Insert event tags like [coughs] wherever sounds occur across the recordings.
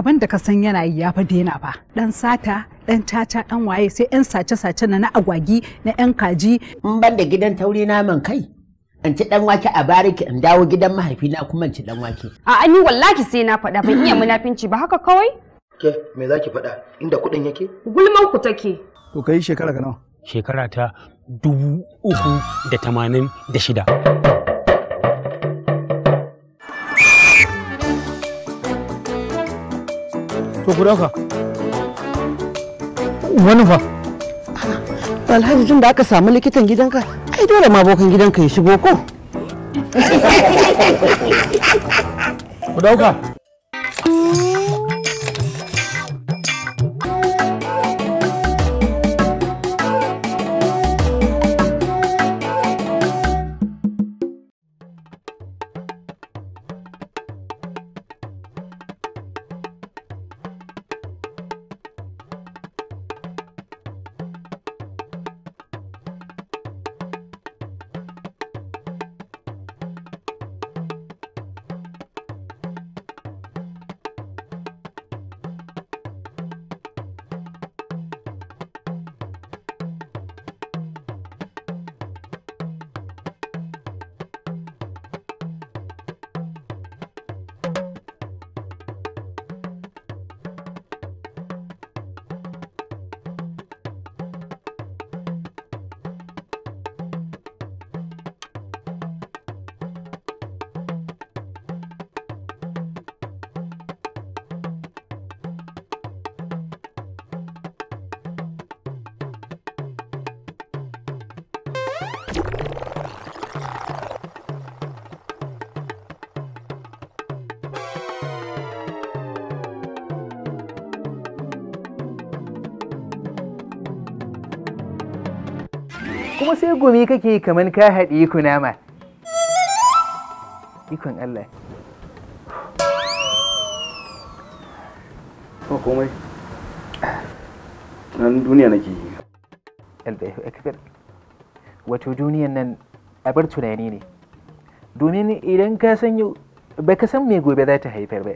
abin da ka san yana yi ya fi daina ba dan sata dan tata dan waye sai yan sace sace na na agwagi na yan kaji in ban da gidan taure naman kai in ci dan wake a bariki in dawo gidan na kuma in ci dan wake a ni wallahi sai na faɗa ban iya munafinci ba haka kawai ke me zaki faɗa inda kuɗin yake gulman ku take to kai shekara ka nawa shekara ta dubu uku da tamanin da shida to ku dauka wani fa alhaji tun da aka samu likitan gidanka ai dole ma bokan gidanka ya shigo ko ku dauka kuma sai gumi kake kamar ka haɗe kunama ikon Allah ba komai nan duniya nake yi Allahu akbar wato duniyan nan abar tunani ne domin idan ka san yau baka san me gobe za ta haifar ba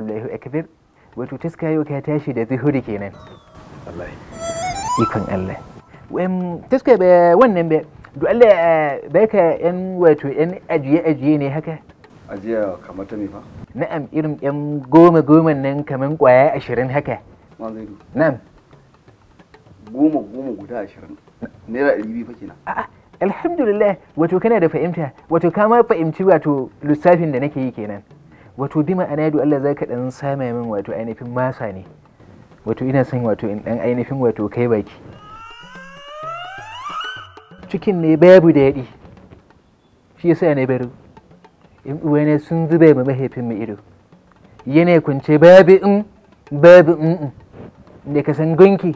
Allahu akbar wato taska yau ka tashi da zuhuri kenan ikon Allah taske wannan bai duk Allah eh, bai baka yan wato yan ajiye ajiye ne haka ajiya kamar ta me fa na'am irin yan goma goma nan kamar kwaya ashirin haka na'am goma goma guda ashirin naira ɗari biyu fa kenan a'a alhamdulillah wato kana da fahimta wato ka ma fahimci wato lissafin da nake yi kenan wato bi ma'ana da Allah zaka dan sama min wato ainihin masa ne wato ina son wato in dan ainihin wato kai baki cikin ne babu daɗi shi yasa ne bari in uwa ne sun zube ma mahaifin mu ido yana kunce babu in babu in da ka san gunki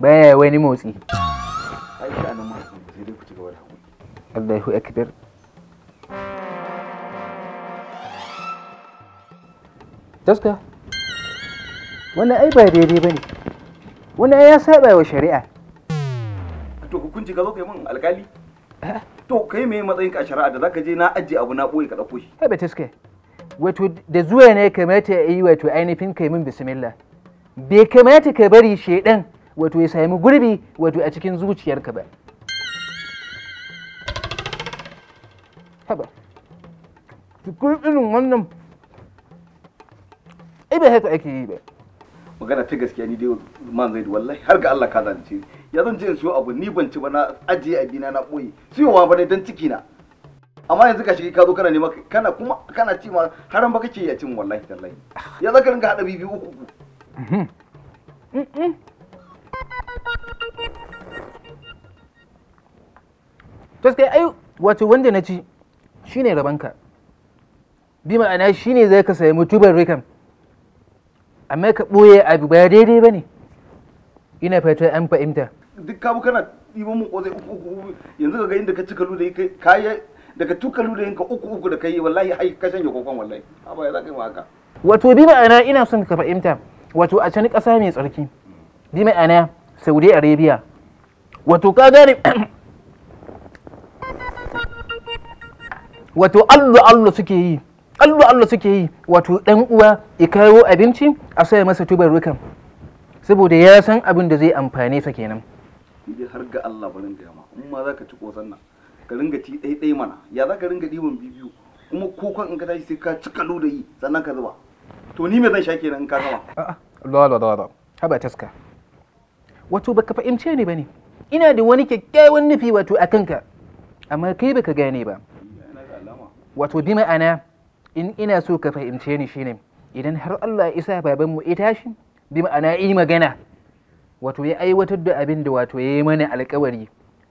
baya wani motsi Allahu akbar Taska, wannan ai ba daidai ba ne, wannan ya saba wa shari'a. to hukunci ka zo kai min alkali eh? to kai me matsayin ka shari'a da zaka je na ajiye abu na boye ka dauko shi kai batiske wato da zuwa ne kamata ya yi wato ainihin kai min bismillah bai kamata ka bari shedan wato ya sami gurbi wato a cikin zuciyarka ba haba cikin irin wannan ai bai haka ake yi ba magana ta gaskiya ni dai man zai wallahi har ga Allah ka zance ya zan je in siyo abu ni ban ci ba na ajiye abina na ɓoye siyowa ba ne don ciki na amma yanzu ka shiga ka zo kana nema kana kuma kana ci ma haram ba kake ya cin wallahi tallahi ya zaka ringa hada bibi uku uku to sai ai wato wanda na ci shine rabanka bi ma'ana shine zai ka sayi mutubar rikam. amma ka boye abu ba daidai bane ina fata an fahimta duk kabu kana ɗibo mun ƙozai uku uku uku yanzu ka ga inda ka ci kalu da kai daga tukalu da ka uku uku da ka yi, wallahi ai ka shanye kokon wallahi haba ya ka yi haka wato bi ma'ana ina son ka fahimta wato a can ƙasa mai tsarki bi ma'ana Saudi Arabia wato ka gane [coughs] wato allo allo suke yi allo allo suke yi wato dan uwa ya kawo abinci a saya masa tubarukan saboda ya san abin da zai amfane sa kenan ni dai har ga Allah barin ga yamma in ma zaka ci kosan nan ka ringa ci ɗai ɗai mana ya za ka ringa ɗiban bibiyu kuma kokon in ka tashi sai ka ci kalo da yi sannan ka zuba to ni me zan sha kenan in ka gama la Allah Allah haba taska wato baka fahimce ni bane ina da wani kyakkyawan nufi wato a kanka amma kai baka gane ba wato bi ma'ana in ina so ka fahimce ni shine idan har Allah ya isa babanmu ita shi bi ma'ana yi magana wato ya aiwatar da abin da wato ya yi mana alkawari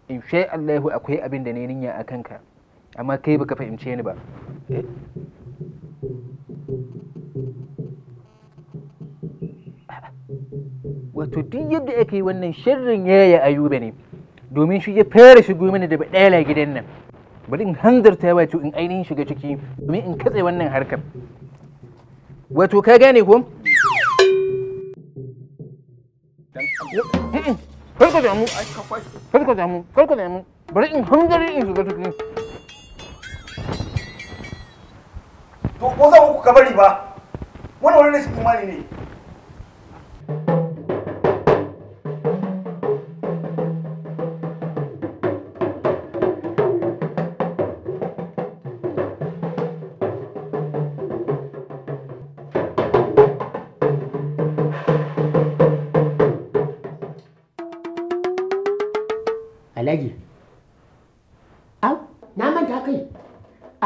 in sha Allahu akwai abin da ne ninya a kanka amma kai baka fahimce ni ba wato duk yadda aka yi wannan shirin yaya ayuba ne domin shi ya fara shigo mana da baɗala gidan nan bari in hanzarta wato in ainihin shiga ciki domin in katse wannan harkar wato ka gane ko kar ka damu kar ka damu kar ka damu bari in hanzari in shiga cikin to ko za ku ka ba wani wani rashin imani ne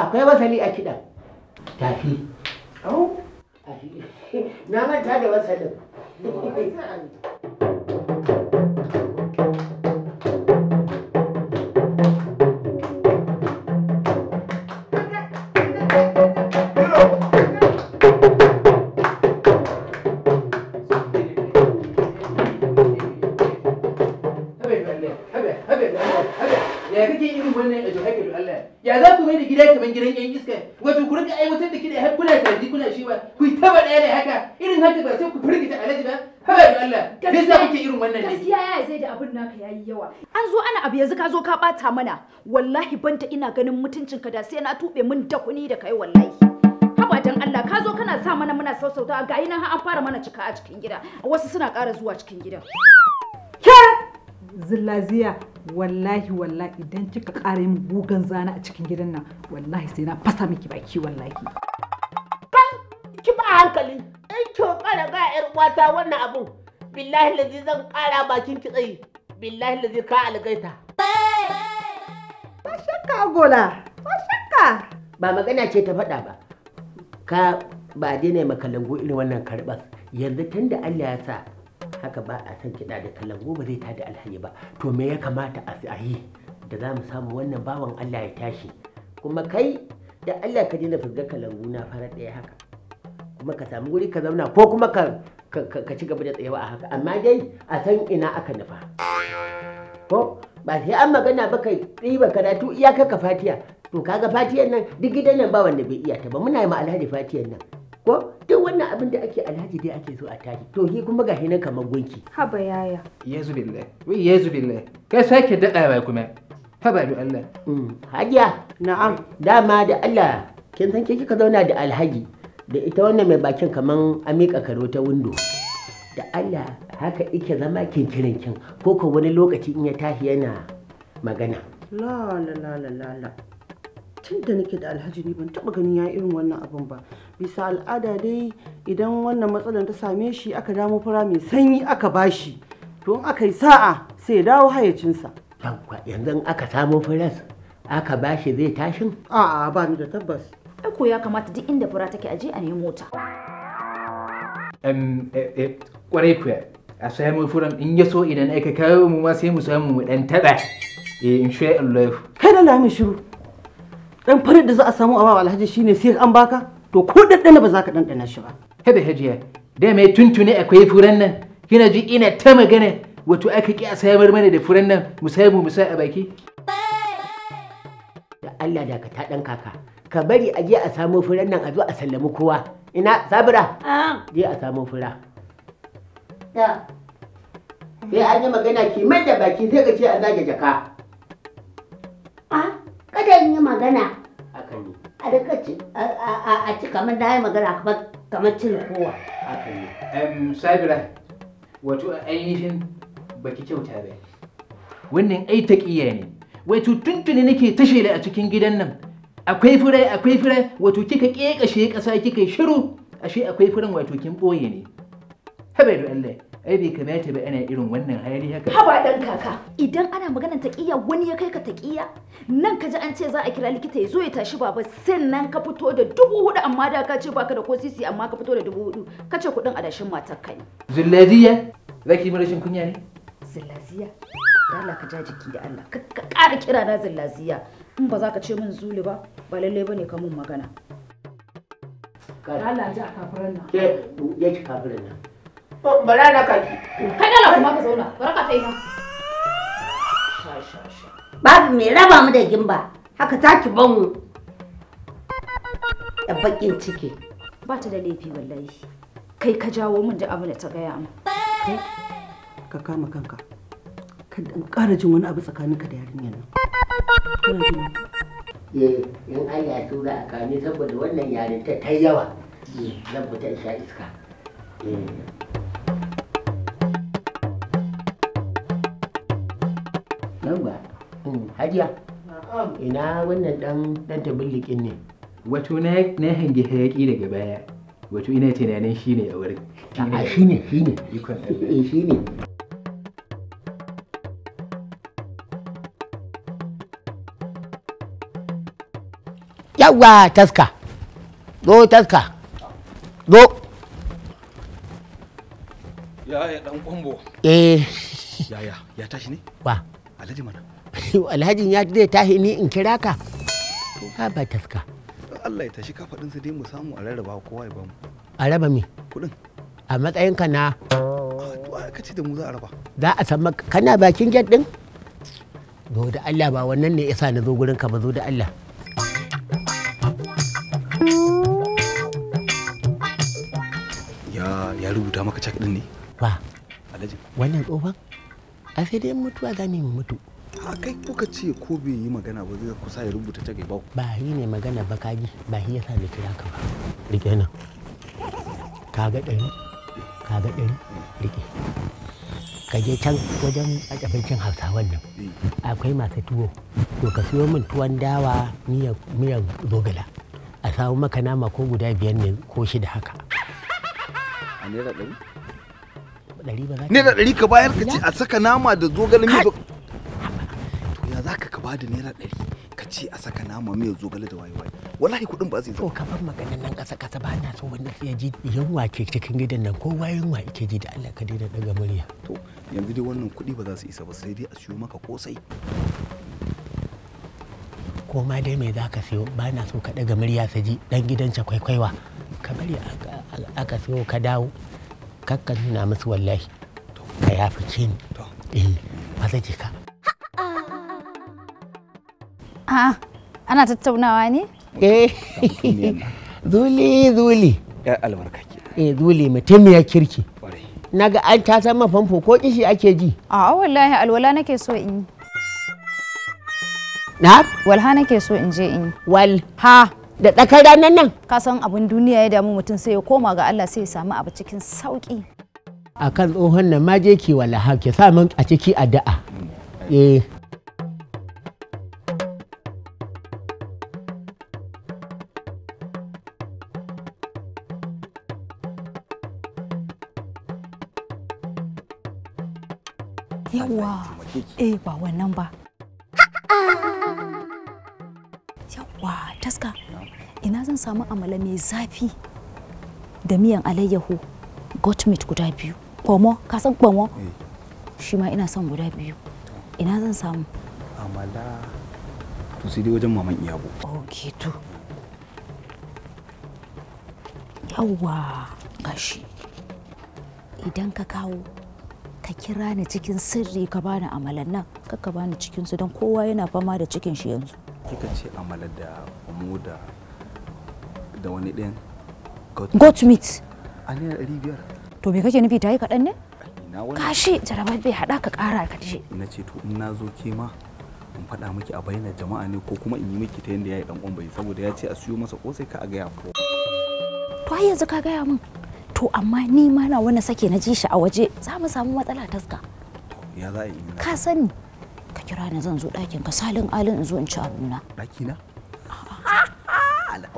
akwai wasali a kiɗan tafi [laughs] na manta da wasalin ɗan gidan yan iska wato ku rika aiwatar da da har kuna tarbi kuna shi ba ku yi taba ɗaya da haka irin haka ba sai ku firgita alaji ba haba da Allah zai sa kuke irin wannan ne gaskiya ya zai da abin naka yayi yawa an zo ana abu yanzu ka zo ka ɓata mana wallahi banta ina ganin mutuncin ka da sai na tuɓe min da kuni da kai wallahi haba dan Allah ka zo kana sa mana muna sausauta ga ina har an fara mana cika a cikin gida wasu suna ƙara zuwa cikin gida ke zillaziya wallahi wallahi idan kika ƙara yin gugan zana a cikin gidan nan wallahi sai na fasa miki baki wallahi kan ki ba hankali in ki ƙara ga yar uwata wannan abun billahi lazi zan ƙara bakin ki tsayi billahi lazi ka algaita ba shakka gola ba shakka ba magana ce ta faɗa ba ka ba daina makalangu irin wannan karɓar yanzu tunda Allah ya sa haka ba a san kiɗa da kalangu ba zai tada alhaji ba to me ya kamata a yi da za mu samu wannan bawan allah ya tashi kuma kai da allah ka daina fizgar kalangu na fara ɗaya haka kuma ka samu wuri ka zauna ko kuma ka ci gaba da tsayawa a haka amma dai a san ina aka nufa ko ba sai an magana ba kai ɗiba karatu iyaka ka fatiya to kaga fatiyan nan duk gidan nan ba wanda bai iya ta ba muna yi ma alhaji fatiyan nan ko duk wannan abin da ake alhaji dai ake so a tashi to ki kuma gashi nan kamar gunki haba yaya yezu billahi wi yezu billahi kai sake dada bai kuma haba bi Allah mm. hajiya na'am dama da Allah kin san ke kika zauna da alhaji da ita wannan mai bakin kaman amika karo ta windo da Allah haka ike zama kinkirin kin ko ko wani lokaci in ya tashi yana magana la la la la la tun nake da alhaji ne ban taba gani ya irin wannan abun ba bisa al'ada dai idan wannan matsalar ta same shi aka damo fura mai sanyi aka bashi to in aka yi sa'a sai ya dawo hayacinsa yanzu aka samu furas aka bashi zai tashin a'a ba ni da tabbas ko ya kamata duk inda fura take aje a nemo mota. Eh, eh, kwarai kuwa a samu furan in ya so idan aka kawo mu ma sai mu samu mu dan taɓa eh, in sha Allah kada da lami shiru dan farin da za a samu a bawa alhaji shine sai an baka to ko daddana ba za ka dandana shi ba kada hajiya da mai tuntune akwai furen nan kina ji ina ta magana wato aka ki a sayar mana da furen nan mu sai mu sai a baki da Allah da ka ta dan kaka ka bari a je a samu furen nan a zo a sallami kowa ina sabira ah. je a samu fura ya sai an yi magana ki mai da baki sai ka ce an zage jaka a ah, kada in yi magana haka ne a daga ci a ci kamar na yi magana kamar cin kowa haka ne um, sabira wato ainihin baki kyauta ba wannan ai taƙiya ne wato tuntuni nake tashele a cikin gidan nan akwai fure akwai fure wato kika ƙeƙashe kasa kika shiru ashe akwai furen wato kin ɓoye ne haba da Allah ai bai kamata ba ana irin wannan hali haka haba dan kaka idan ana maganar taqiya wani ya kai ka taqiya nan ka ji an ce za a kira likita ya zo ya tashi baba sannan ka fito da dubu hudu amma da ka ce baka da ko sisi amma ka fito da dubu hudu ka ce kudin adashin matar ka ne zillaziya zaki mara shin kunya ne zulaziya Allah ka ja jiki da Allah ka ƙara kira na zulaziya in ba za ka ce min zuli ba ba lallai bane ka mun magana Allah ya ji a kafiran nan ke ya ji kafiran nan bara na kai kai dala ka zauna baraka ta ina babu mai raba mu da gimba haka taki ban mu da bakin ciki ba ta da laifi wallahi kai ka jawo min da abu da ta gaya mu ka kama kanka ka in ƙara jin wani abu tsakaninka da yarinyar nan eh in Allah ya tura a kame saboda wannan yarinta ta yawa eh, zan fita in sha iska eh yauwa mm, hajiya ina wannan dan dan tabullikin ne wato na na hange hayaki daga baya wato ina tunanin shine a wurin a shine shine ikon Allah [laughs] eh, shine yawwa taska zo taska zo ya ya dan kwambo eh ya ya ya tashi ne ba alhaji mana alhajin ya zai tahi ni in kira ka to ka ba taska Allah ya tashi kafaɗin su dai mu samu a rarraba kowa ya bamu a raba me kudin a matsayin ka na to aka ce da mu za a raba za a san maka kana bakin gate din zo da Allah ba wannan ne yasa na zo gurin ka ba zo da Allah ya ya rubuta maka cak din ne ba alhaji wannan tsohon a sai dai mutuwa za mu mutu a kai kuka ce ko bai yi magana ba zai kusa ya rubuta ta gaba ba yi ne magana ba kaji ba yi yasa da kira ka ba rike nan kaga ɗari ga ɗari rike ka je can wajen abincin hausa nan akwai masu tuwo to ka siyo min tuwon dawa miyan zogala a samu maka nama ko guda biyar ne ko shida haka a naira ɗari ɗari ba za ka naira ɗari ka bayar ka ce a saka nama da zogale mai to ya za ka ka naira ɗari ka ce a saka nama mai zogale da wayewa wallahi kuɗin ba zai zo to ka bar maganan nan ƙasa ƙasa ba na so wannan ya ji yunwa ke cikin gidan nan wayan wa ke ji da Allah ka daina daga murya to yanzu dai wannan kuɗi ba za su isa ba sai dai a siyo maka kosai Koma dai mai za ka siyo ba na so ka daga murya sa ji dan gidan kwaikwaiwa ka bari aka siyo ka dawo kakka nuna musu wallahi ka ya fice ni eh ba zai ka ana tattaunawa ne eh [laughs] zuli zuli ya albarka ke eh zuli mutum ya kirki naga an ta san famfo ko kishi ake ji a'a wallahi alwala nake so in yi na walha nake so in je in yi walha da tsakar ranar nan ka san abin duniya ya damu mutum sai ya koma ga Allah sai ya samu abu cikin sauki akan tsohon nan ma je ki wala ha sa a ciki addu'a eh samu amala mai zafi da miyan alayyahu goat meat guda biyu kwamo ka san kwamo eh. shi ma ina son guda biyu ina zan samu amala to sai dai wajen maman iyabo ok to yawwa gashi idan ka kawo ka kira ni cikin sirri ka bani amalan nan ka bani cikin su don kowa yana fama da cikin shi yanzu kika ce amalar da mu da da wani ɗin goat meat a naira ɗari biyar to me kake nufi ta yi kaɗan ne kashi jaraba bai haɗa ka ƙara ka dishe na ce to in na zo ke ma in faɗa miki a bayyana jama'a ne ko kuma in yi miki ta yadda ya yi ɗan ƙwan bai saboda ya ce a siyo masa kosai ka a gaya ko to ai yanzu ka gaya min to amma ni ma na wani sake na ji shi a waje za mu samu matsala taska ya za a yi ka sani ka kira ni zan zo ɗakin ka salin alin in zo in ci abuna ɗaki na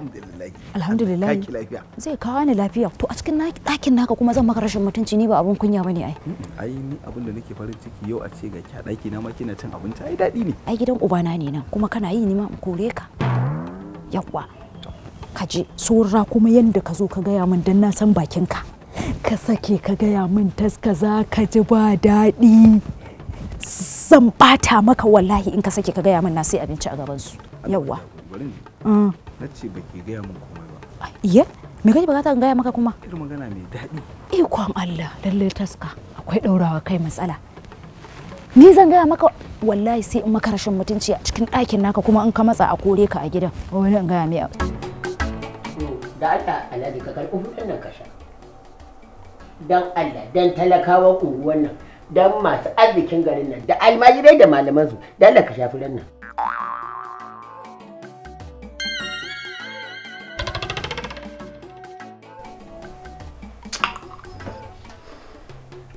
alhamdulillah alhamdulillah kaki lafiya zai kawo ni lafiya to a cikin ɗakin naka kuma zan maka rashin mutunci ni ba abun kunya bane ai hmm, ai ni da nake farin ciki yau a ce ga ɗaki na ma kina cin abinci ai daɗi ne ai gidan ubana ne nan kuma kana yi ni ma in kore ka yawwa ka je tsorra kuma yadda ka zo ka gaya min dan na san bakin ka ka sake ka gaya min taska za ka ji ba daɗi zan bata maka wallahi in ka sake ka gaya min na sai abinci a gabansu yawwa na ah. ce ba ki gaya min komai ba iya me kake bukata in gaya maka kuma irin magana mai daɗi ikon Allah lalle taska akwai daurawa kai matsala ni zan gaya maka wallahi sai in maka rashin mutunci a cikin ɗakin naka kuma in ka matsa a kore ka a gidan wani in gaya mai da Allah alhaji ka karɓi hudun nan ka sha dan Allah don talakawan unguwan nan don masu arzikin garin nan da almajirai da malaman su da Allah ka shafi nan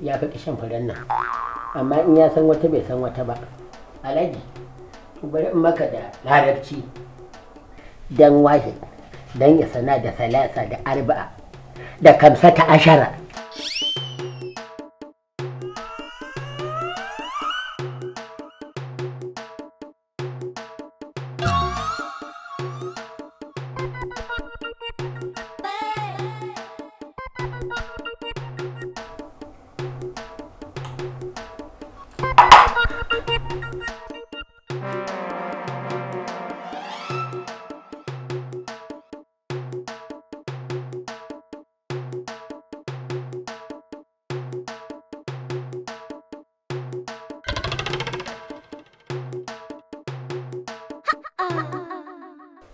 ya fi kishin furen nan amma in ya san wata bai san wata ba alaji bari in maka da larabci dan wahid dan ya sana da salasa da arba'a da kamsa ta ashara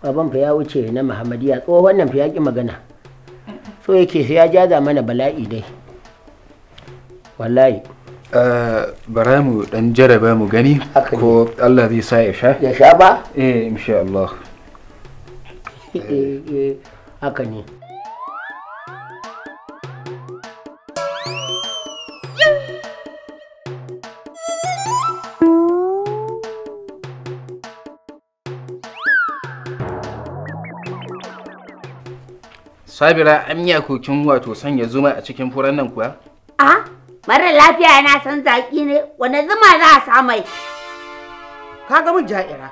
baban fa ya wuce na muhammadiyya tsohon nan fa ya ki magana so yake sai ya jaza mana bala'i dai wallahi eh, bara mu dan jaraba mu gani ko Allah zai sa ya sha ya sha ba eh insha Allah [laughs] eh, eh, haka ne Sabira an yi akokin wato sanya zuma a cikin furan nan kuwa? A mara lafiya yana san zaƙi ne wane zuma za a samai. Ka ga mun ja'ira.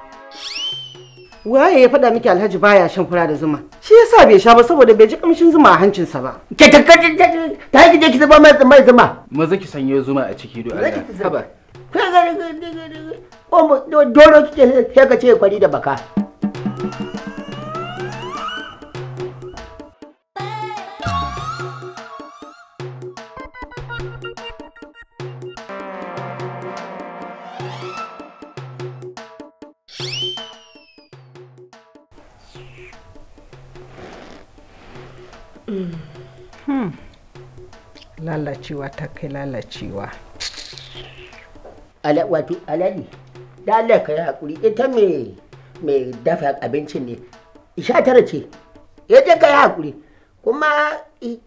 Waye ya faɗa miki Alhaji baya shan fura da zuma. Shi ya sa bai sha ba saboda bai ji kamshin zuma a hancinsa ba. Ke ta ki je ki zuba mai zuma. Mu zaki sanya zuma a ciki do Allah. Zaki do do ki sai ka ce kwari da baka. Hmm. Hmm. lalacewa ta kai lalacewa wato alaji da Allah ka hakuri ita mai dafa abincin ne isha tara ce ita ka yi hakuri kuma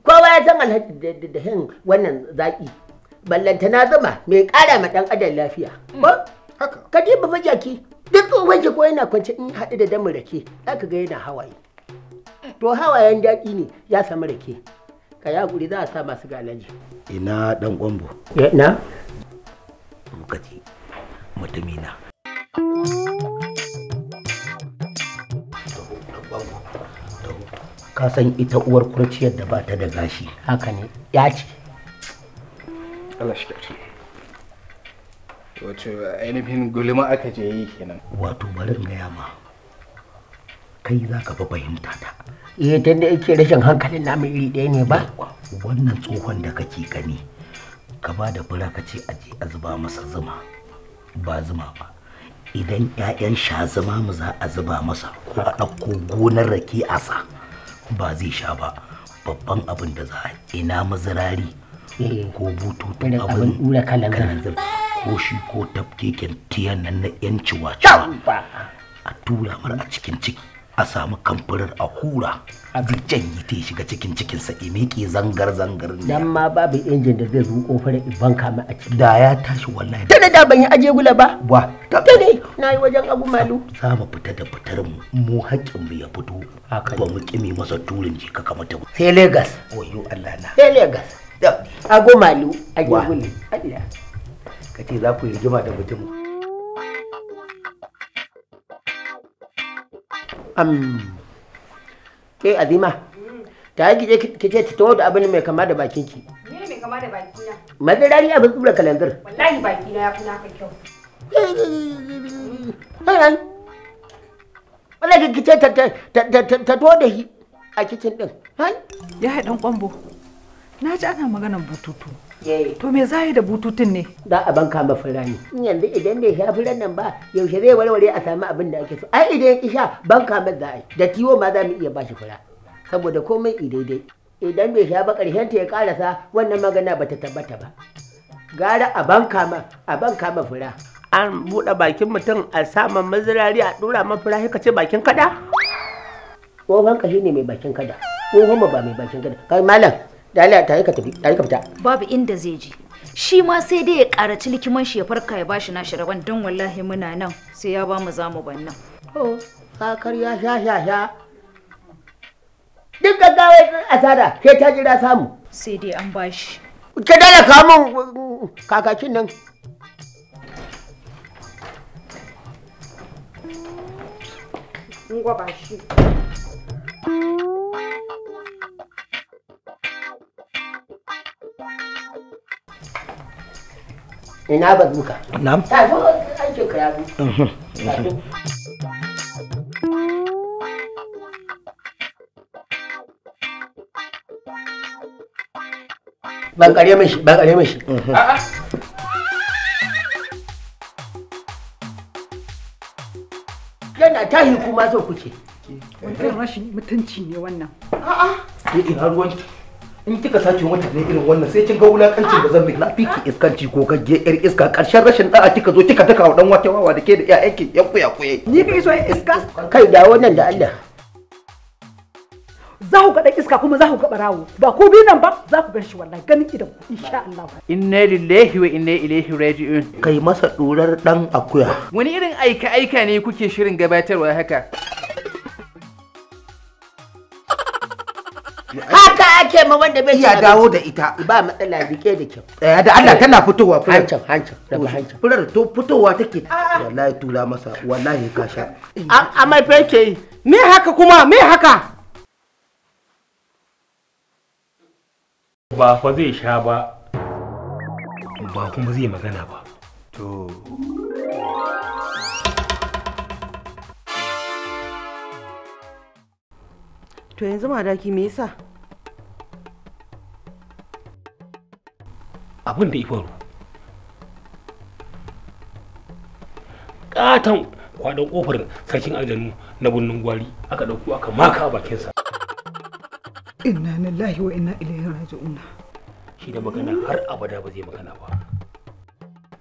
kowa ya san alhaji da hin wannan zaki na zama mai ƙara ma dan adal lafiya hmm. ka ji ba jaki duk tsohon ko yana kwance in haɗu da damu rake za ka ga yana hawaye to hawayen daɗi ne ya samu rake ka ya guri za a sa masu galaji ina dan kwambo na lokaci mutumina ka san ita uwar kurciyar da ba ta da gashi haka ne ya ce Allah shi wato ainihin gulma aka je yi kenan wato bari in gaya ma kai za ka fi fahimta ta eh dan da yake rashin hankalin namu iri ɗaya ne ba wannan tsohon da kake gani ka ba da fura ka ce aje a zuba masa zuma ba zuma ba idan 'ya'yan sha zuma mu za a zuba masa ko a ɗauko gonar rake a sa ba zai sha ba babban abin da za a ina mazirari eh, ko bututun abin kalanzir ko shi ko tafkeken tiyan nan na 'yan ciwa a tura mara a cikin ciki a samu kamfurar a hura a bijan yi ta shiga cikin cikinsa ya miƙe zangar-zangar ne dan ma babu injin da zai zo kofar iban kama a ciki da ya tashi wallahi tana da ban yi aje gula ba wa ta ne na yi wajen abu malu za mu fita da fitar mu mu haƙƙin mu ya fito ba mu ƙi masa turin jika kamar ta sai Legas. oyo Allah na sai Legas. ago malu aje gula Allah ka ce za ku yi jima da mutum am ke azima ta yi ki ce ta tawo da abin mai kama da bakin ki ne mai kama da bakina madara ni abin kura kalandar wallahi bakina ya fi naka kyau hayan wala ki ce ta to da shi a kicin din hai ya haɗin kwambo na ji ana maganar bututu Eh. To me za yi da bututun ne? Za a banka ne. In Yanzu idan ne sha fulan nan ba yaushe zai warware a sami abin da ake so. Ai idan ya sha banka ba za a yi. Da tiwo ma za mu iya bashi fura. Saboda komai daidai. Idan bai sha ba ƙarshen ta ya ƙarasa wannan magana ba ta tabbata ba. Gara a banka ma a banka ma fura. An buɗe bakin mutum a sama mazirari a ɗora ma fura ka ce bakin kada? Tsohon ka ne mai bakin kada. Tsohon ba mai bakin kada. Kai malam. Daliya ta yi ka tafi, ta yi ka fita. Babu inda zai je. Shi ma sai dai ya karaci likiman shi ya farka ya bashi nashi rabon don wallahi muna nan sai ya ba mu za mu ban nan. Oh, kakar ya sha sha sha. Duk gaggawa asara ke ta jira samu. Sai dai an bashi. Ke dala kamun kakakin nan. Ngwa ba shi. Ina duka. Na'am. Ta zo aikin ka ya zo. Mhm. Ban kare mishi, ban kare mishi. Mhm. Yana yi kuma zo kuce. Wannan rashin mutunci ne wannan. A'a. Ruwan ruwanki. in kika sace wata ne irin wannan sai kin ga wulakancin da zan bi. na fiki iskanci ko gagge yar iska karshen rashin da'a kika zo kika taka wa dan wata wawa da ke da iyayenki yan kuya kuye ni kai so iska kai da wannan da Allah za ku ga dan iska kuma za ku ga barawo ba ku bi nan ba za ku gan shi wallahi ganin idan ku insha Allah inna lillahi wa inna ilaihi raji'un kai masa durar dan akuya wani irin aika aika ne kuke shirin gabatarwa haka haka ake ma wanda bai ci ya dawo da ita ba matsala rike da kyau eh da Allah tana fitowa furar hancin hancin da hancin furar to fitowa take wallahi tura masa wallahi ka sha amma fa yake yi me haka kuma me haka ba fa zai sha ba ba kuma zai magana ba to to yanzu madaki me yasa abin da ifaru katon kwadon kofar sarkin aljanu na birnin gwari aka dauko aka maka a bakinsa inna lillahi wa inna ilaihi raji'un shi da magana har abada ba zai magana ba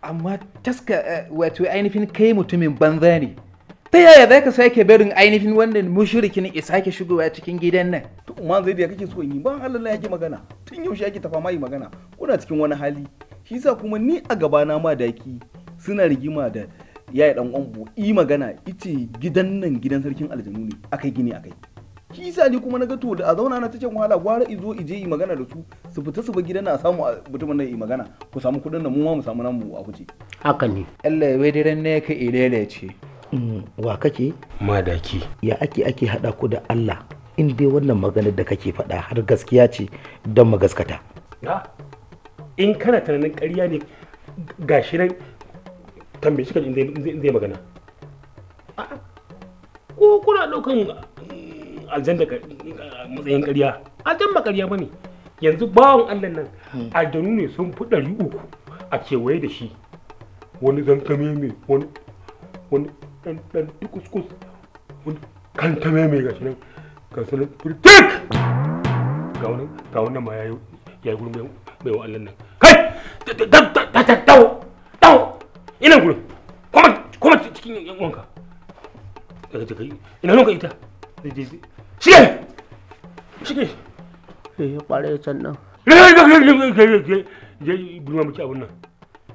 amma taska eh, wato ainihin kai mutumin banza ne ta yaya za ka sake barin ainihin wannan mushrikin ya sake shigowa cikin gidan nan to man zai da kake so yi ban Allah yake magana tun yaushe yake tafa mai magana kuna cikin wani hali shi yasa kuma ni a gaba na ma daki suna rigima da yayi dan uwan i magana ice gidan nan gidan sarkin aljanu ne akai gini akai shi yasa ni kuma na ga to da a zauna na ta cikin wahala gwara izo ije yi magana da su su fita su ba gidan a samu mutumin nan yi magana ku samu kudin nan mu ma mu samu nan mu a kuce haka ne Allah ya wai daren ne ka ilele ce Mm, wa kake madaki ya ake ake hada ku da Allah in dai wannan maganar da kake faɗa har gaskiya ce don magaskata in kana tunanin ƙarya ne ga shi nan tambaye shi in zai magana ko kuna ɗaukan mm, aljan da mm, matsayin ƙarya aljan ba ƙarya ba ne yanzu bawan allah nan hmm. aljanu ne sun fi ɗari uku a kewaye da shi wani zankame ne wani dan dan kuskus wani kan ta mai gashi nan ga sanin ga wani ga wani ma yayi nan kai da da da ina gurin kuma kuma cikin yan uwanka daga daga ina nan ita shi shi ke eh kware can nan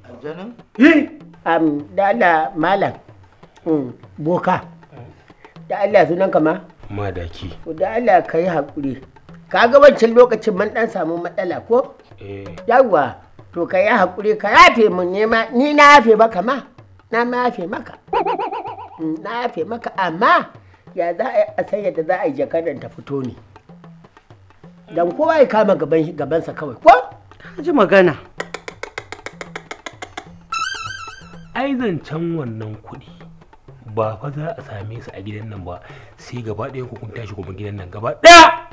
aljanin eh am dala malam Mm. boka da Allah sunan kama madaki da Allah ka yi haƙuri ka ga wancan lokacin man dan samu matsala ko eh. yawwa to ka yi haƙuri ka yafe mun nema ni na yafe maka ma na ma yafe maka mm, na yafe maka amma ya za a yi a yadda za a yi jakadan ta fito ne dan kowa ya kama gaban gabansa kawai ko ka ji magana ai zancen wannan kuɗi ba fa za a same su a gidan nan ba sai gaba ɗaya ku kun tashi kuma gidan nan gaba ɗaya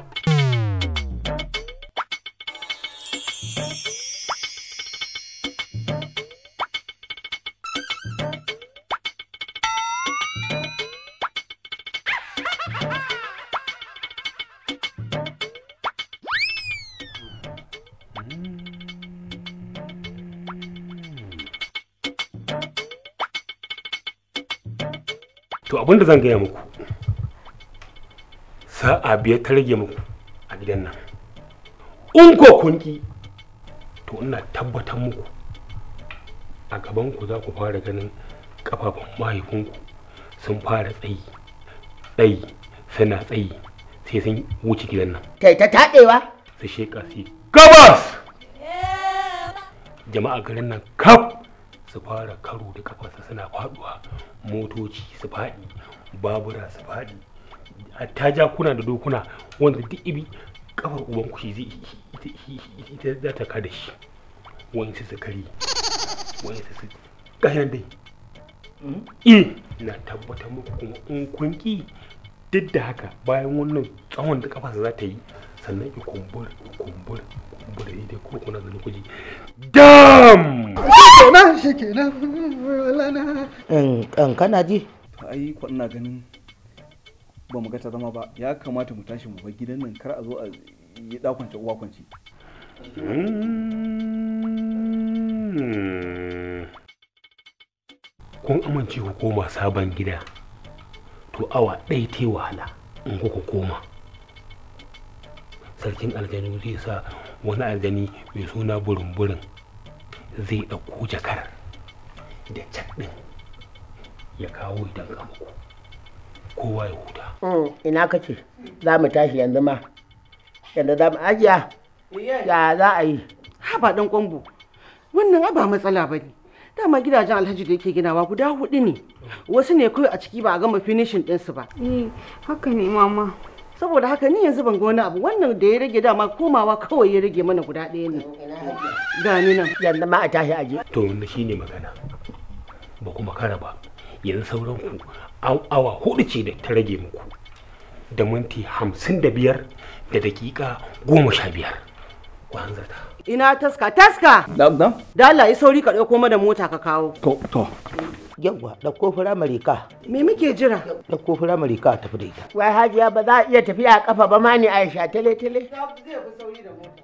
da zan gaya muku sa'a biyar ta rage muku a gidan nan in ko kun ki to ina tabbatar muku a gabanku ku za ku fara ganin kafafun mahaifinku sun fara tsayi tsayi suna tsayi sai sun wuce gidan nan kai ta taɗewa su sheka su gabas jama'a garin nan kaf su fara karo da kafarsa suna faduwa motoci su faɗi babura su faɗi ta jakuna da dokuna wanda duk ibi kafar uban ku zai ita za ta kada shi wani su kari wani su kayan dai hmm? eh na tabbatar muku kuma in kun ki duk da haka bayan wannan tsawon da kafarsa za ta yi sannan ki kumbur kumbur kumbur idan ko kuna zanen kuji dam kenan shi kenan kana ji ai ko ina ganin ba mu ga ta zama ba ya kamata mu tashi mu bar gidan nan kar a zo a yi dakwance uwa kwance hmm. kun amince ku koma sabon gida to awa ɗaya ta wahala in ku koma sarkin aljanu zai sa wani aljani mai suna burin-burin zai ɗauko jakar da cak ɗin ya kawo idan ka muku kowa ya huta mm, ina ce za mu tashi yanzu ma yanzu za mu ajiya ya za a yi Haba dan kwambo wannan ba matsala ba ne dama gidajen alhaji da yake ginawa guda hudu ne wasu ne kawai a ciki ba a gama finishin ɗinsu ba eh, haka ne mama saboda haka ni yanzu ban ga wani abu wannan da ya rage dama komawa kawai ya rage mana guda ɗaya ne gani nan yanzu ma a tashi aje to wannan shine magana ba kuma kara ba yanzu sauran ku awa hudu ce da ta rage muku da minti hamsin da biyar da dakika goma sha biyar ku hanzarta ina taska taska da da. Allah ya sauri ka ɗauko mana mota ka kawo to to yawwa ɗauko firamare ka me muke jira ɗauko firamare ka tafi da ita wai hajiya ba za a iya tafiya a kafa ba ma ni aisha tele tele zai fi sauri da mota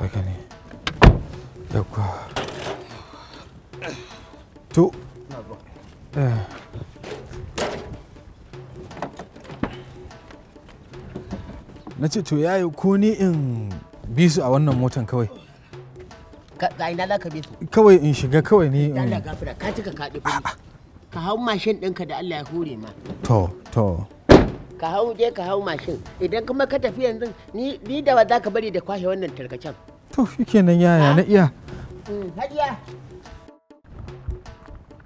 haka yauwa to na ce to yayi ko ni in bi su a wannan motan kawai ga ina za ka bi su kawai in shiga kawai ni. in Allah gafira ka tuka ka ka hau mashin ɗinka da Allah ya hore ma to to ka hau je ka hau mashin idan kuma ka tafi yanzu ni da wa za ka bari da kwashe wannan tarkacen to shi kenan yaya na iya mm, hajiya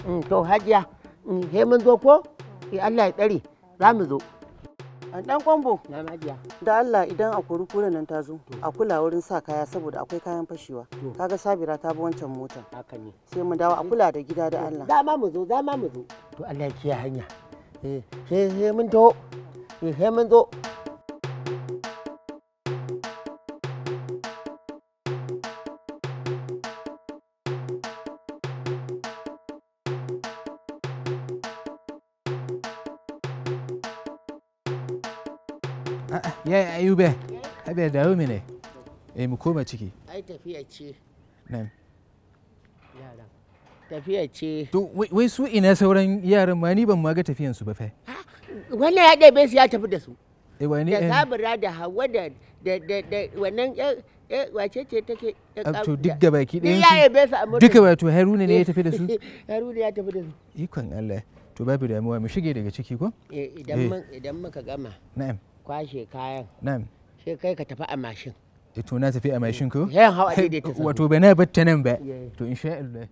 mm, to hajiya mm, he mun zo ko ya Allah ya tsare za mu zo dan kwambo da Allah idan a kuri nan ta zo a kula wurin sa kaya saboda akwai kayan fashewa kaga sabira ta bi wancan mota haka ne sai mu dawo a kula da gida da Allah za ma mu zo za ma mu zo to Allah ya kiyaye hanya eh he mun to eh, he mun zo ya yi ayube da dawo mene eh mu koma ciki ai tafiya ce nan yaran tafiya ce to wai su ina sauran yaran ma ni ban ma ga tafiyan su ba fa wannan ya ɗebe su ya tafi da su eh wani da eh. zabura da hawa da da da wannan wace ce take ah, to duk da baki ɗayan su ya ɗebe su a duka wato haruna ne ya tafi da su [laughs] haruna ya tafi da su ikon Allah to babu damuwa mu shige daga ciki ko eh, idan eh. idan muka gama na'am kwashe kayan nan sai kai ka tafi a mashin ito eh na tafi a mashin ko yan hawa da ta [laughs] wato bai na batta nan ba to insha Allah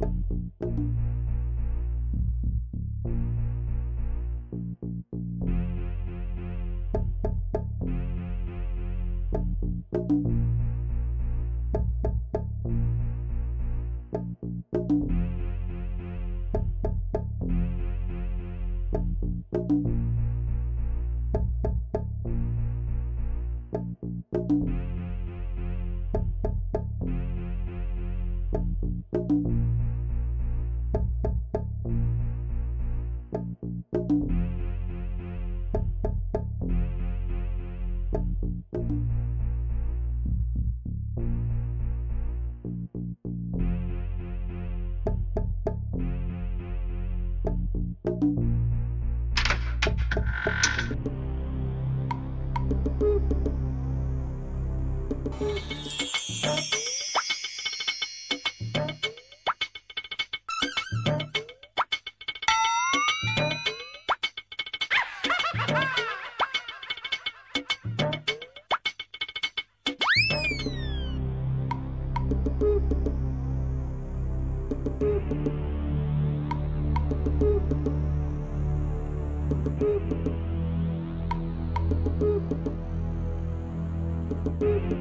Thank you. Thank you.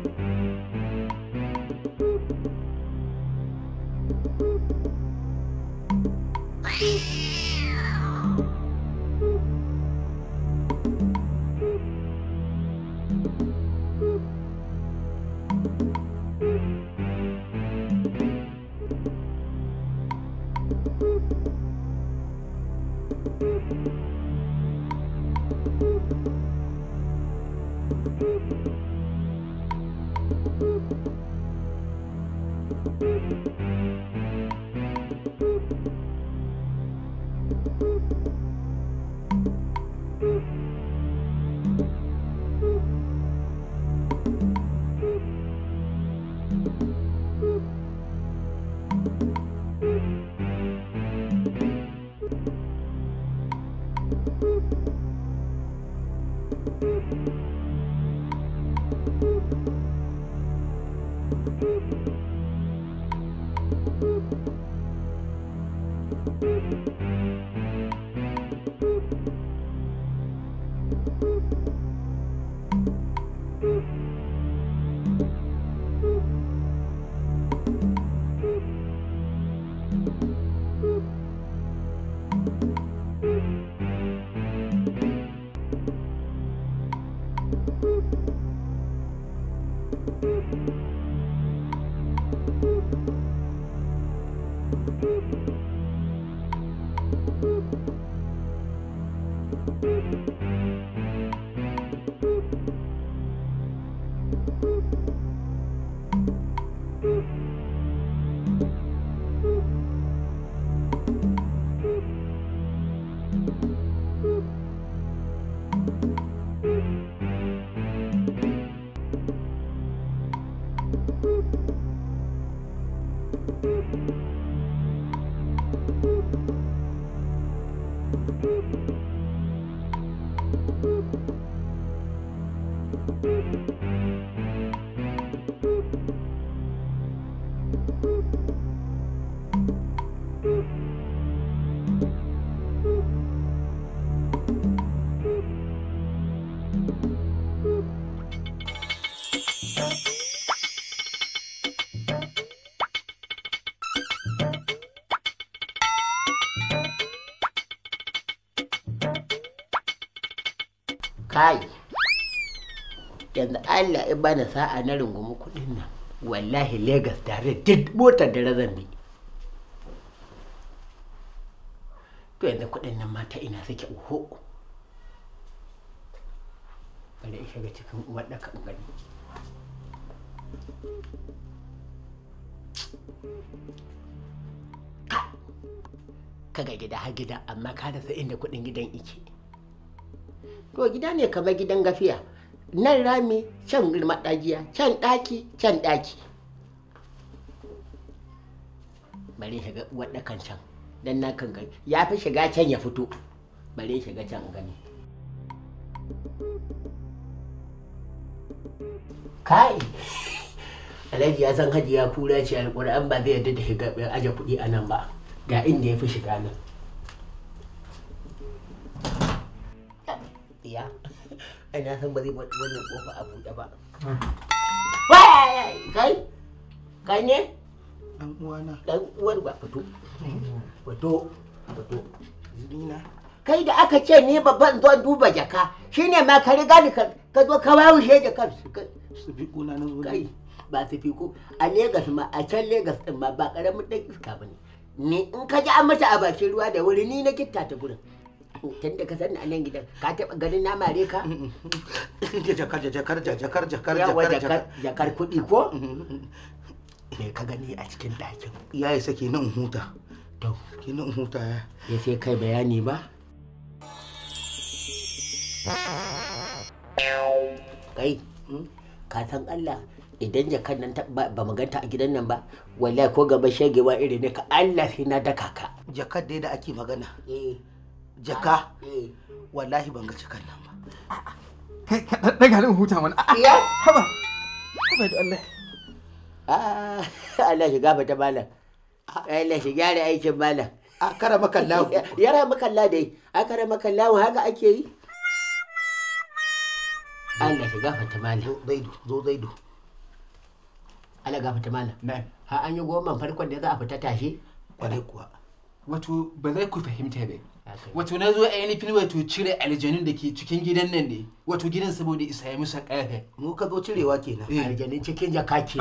kai yanzu Allah ya bani sa'a na rungumi kuɗin nan wallahi Legas tare duk motar da razan bi to yanzu kuɗin nan mata ina suke uho bari in shiga cikin uwar da ka gani kaga gida ha gida amma ka rasa inda kuɗin gidan ike to gida ne kamar gidan gafiya nan rami can maɗajiya can daki can daki bare shiga wadda kan can dan na kan gani ya fi shiga can ya fito bare shiga can gani kai [laughs] alhaji ya san hajiya kura ce alƙur'an ba zai yadda da shiga aje kuɗi a nan ba ga inda ya fi shiga nan ya [laughs] ai na san ba zai wannan kofa a buɗe ba hmm. kai kai ne dan uwana dan uwar ba fito fito fito kai da aka ce ni ban zo duba jaka shine ma ka riga ni ka zo ka wayo wawushe jaka su fi kuna na zo ba su fi ko a Legas ma a can Legas din ma ba karamin dan iska bane ni in ka ji an mata a bakin ruwa da wuri ni na kitta ta gurin tun da ka sani a nan gidan ka taɓa ganin na mare ka [laughs] jakar jakar jakar jakar jakar jakar kuɗi ko [laughs] me ka gani a cikin ɗakin ya yi sake nan huta to k'i nan huta ya ya sai kai bayani ba kai hmm? ka san Allah idan jakar nan ba maganta a gidan nan ba wallahi ko gaba shegewa iri ne ka Allah sai na daka ka jakar dai da ake magana eh jaka eh. wallahi ban ga cikan nan ba kai ka daga nan huta mana ya haba haba da Allah ah, Allah shi gafa ta malam Allah shi gyara aikin malam a kara makalla yara makalla dai a kara makalla haka ake yi Allah shi gafa ta malam zaidu zo zaidu Allah gafa ta malam ha an yi goma farkon da za a fita tashi kwarai kuwa wato ba zai ku fahimta bai wato na zo ainihin wato cire aljanin da ke cikin gidan nan ne wato gidan saboda isa ya musa ƙarfe mu ka zo cirewa kenan eh. aljanin cikin jaka ke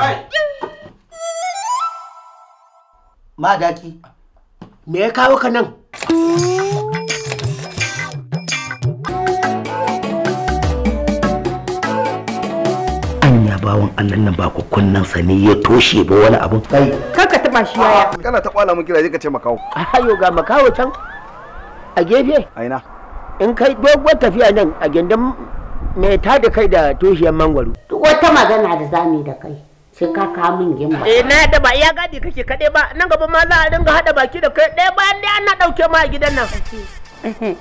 ma daki me ya kawo ka nan anya bawan allan nan ba kunnan sa ne ya toshe ba wani abun kai kaka taba shi yaya kana ta kwala mun kira je ka ce makawo ayo ga makawo can a gefe in kai doguwar tafiya nan a gindin mai ta da kai da tushiyar mangwaro duk wata magana da zamu da kai sai ka kawo gimba eh na yadda ba iya gadi kake kaɗai ba nan gaba ma za a dinga haɗa baki da kai ɗaya bayan dai ana ɗauke ma a gidan nan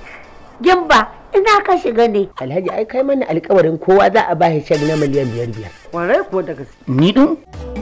gimba ina ka shiga ne alhaji ai kai mana alƙawarin kowa za a ba shi na miliyan biyar biyar kwarai ko da gaske ni din